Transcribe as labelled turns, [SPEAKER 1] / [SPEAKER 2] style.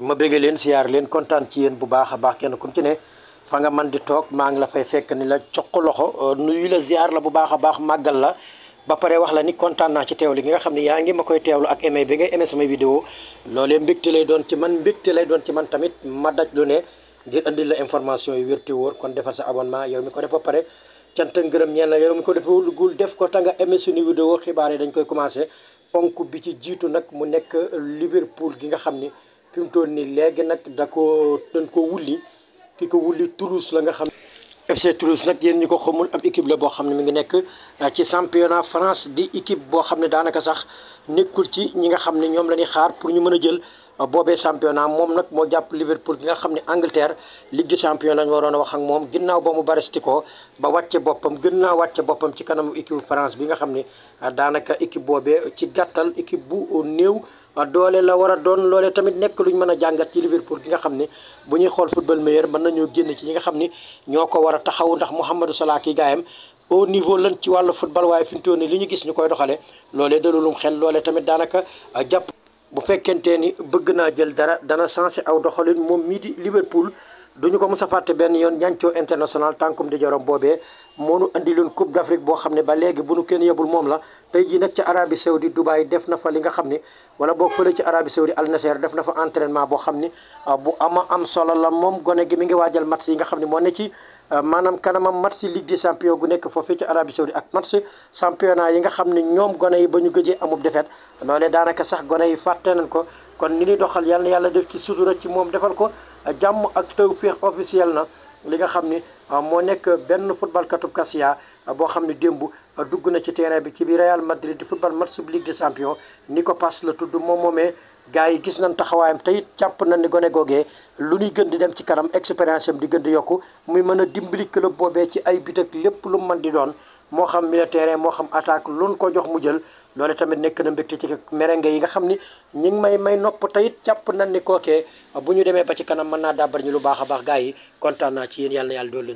[SPEAKER 1] ma bëggee leen siyaar leen kontaan ci yéen bu baax a baax kenn kum ci ne fa nga man di toog maa ngi la fay fekk ni la jox ko loxo euh, nuyu la ziar la bu baax a baax màggal la ba pare wax la ni kontaan naa ci teewlu gi nga xam ne yaa ngi ma koy teewlu ak aimé bi ngay aimé sama vidéo loolee mbégte lay doon ci man mbégte lay doon ci man tamit ma daj ngir andil la information yu wér te kon defal sa abonnement yow mi ko def ba pare cant ngërëm ñeen la yow mi ko deful gul def ko ta nga aimé suñu vidéo xibaar yi dañ koy commencé ponk bi ci jiitu nag mu nekk Liverpool gi nga xam ni fi mu toll nii léegi nag da ko dañ ko wulli ki ko wulli Toulouse la nga xam FC Toulouse nag yéen ñu ko xamul ab équipe la boo xam ne mi ngi nekk ci championnat France di équipe boo xam ne daanaka sax nekkul ci ñi nga xam ne ñoom la ñuy xaar pour ñu mën a jël euh, boobe championnat moom nag moo jàpp Liverpool gi nga xam ne Angleterre Ligue des Champions waroon a wax ak moom ginnaaw ba mu barestikoo ba wàcce boppam gën naa wàcce boppam ci kanamu équipe France bi nga xam ne euh, daanaka équipe boobee ci gàttal équipe bu euh, néew doole la war a doon loole tamit nekk ñu mën a jàngat ci Liverpool gi nga xam ne bu ñuy xool football meilleur mën nañoo génne ci ñi nga xam ni ñoo ko war a ndax Mouhamadou Salah ki gaayam au niveau lan ci wàll football waaye fi mu toll nii li ñu gis ñu koy doxalee loolee dalulum xel loole tamit daanaka ah, jàpp. bu fekkente ni bëgg naa jël dara dana sensé aw doxalin moom mii di Liverpool duñu ko mos a fàtte benn yoon ñancoo international tànkum di jorom boobee moo nu andi leen coupe d'Afrique boo xam ne ba léegi bu nu kenn yebul moom la tey jii nag ca Arabie Saoudite Dubaï def na fa li nga xam ne wala boo fële ci Arabie Saoudite Al Nasser def na fa boo xam ne ah, bu ama am solo la moom gone gi mi ngi waajal match yi nga xam ne moo ne ci Euh, maanaam kanamam match Ligue des champions gu nekk foofii ci Arabie Saoudite ak match championnat yi nga xam ne ñoom gone yi ba ñu gëjee amub defet loolee daanaka sax gone yi fàtte nañ ko kon ni ñuy doxal yal yàlla def ci sutura ci moom defal ko a jàmm ak tawféex officiel na li nga xam ni Euh, moo nekk benn football katub Casilla euh, boo xam ne démb euh, dugg na ci terrain bi ci biir Real Madrid di football match bu Ligue des Champions ni ko pass la tudd moom moomee gars yi gis nañ taxawaayam te it jàpp nañ ni gone googee lu ñuy gën di dem ci kanam expérience am di gën di yokk muy mën a dimbali club boobee ci ay bit ak lépp lu mu mën di doon moo xam milieu terrain moo xam attaque lu ñu ko jox mu jël loole tamit nekk na mbégte ci merengue yi nga xam ni ñi ngi may may nopp te it jàpp nañ ni kookee bu ñu demee ba ci kanam mën naa dàbbar ñu lu baax a baax gars yi kontaan yàlla na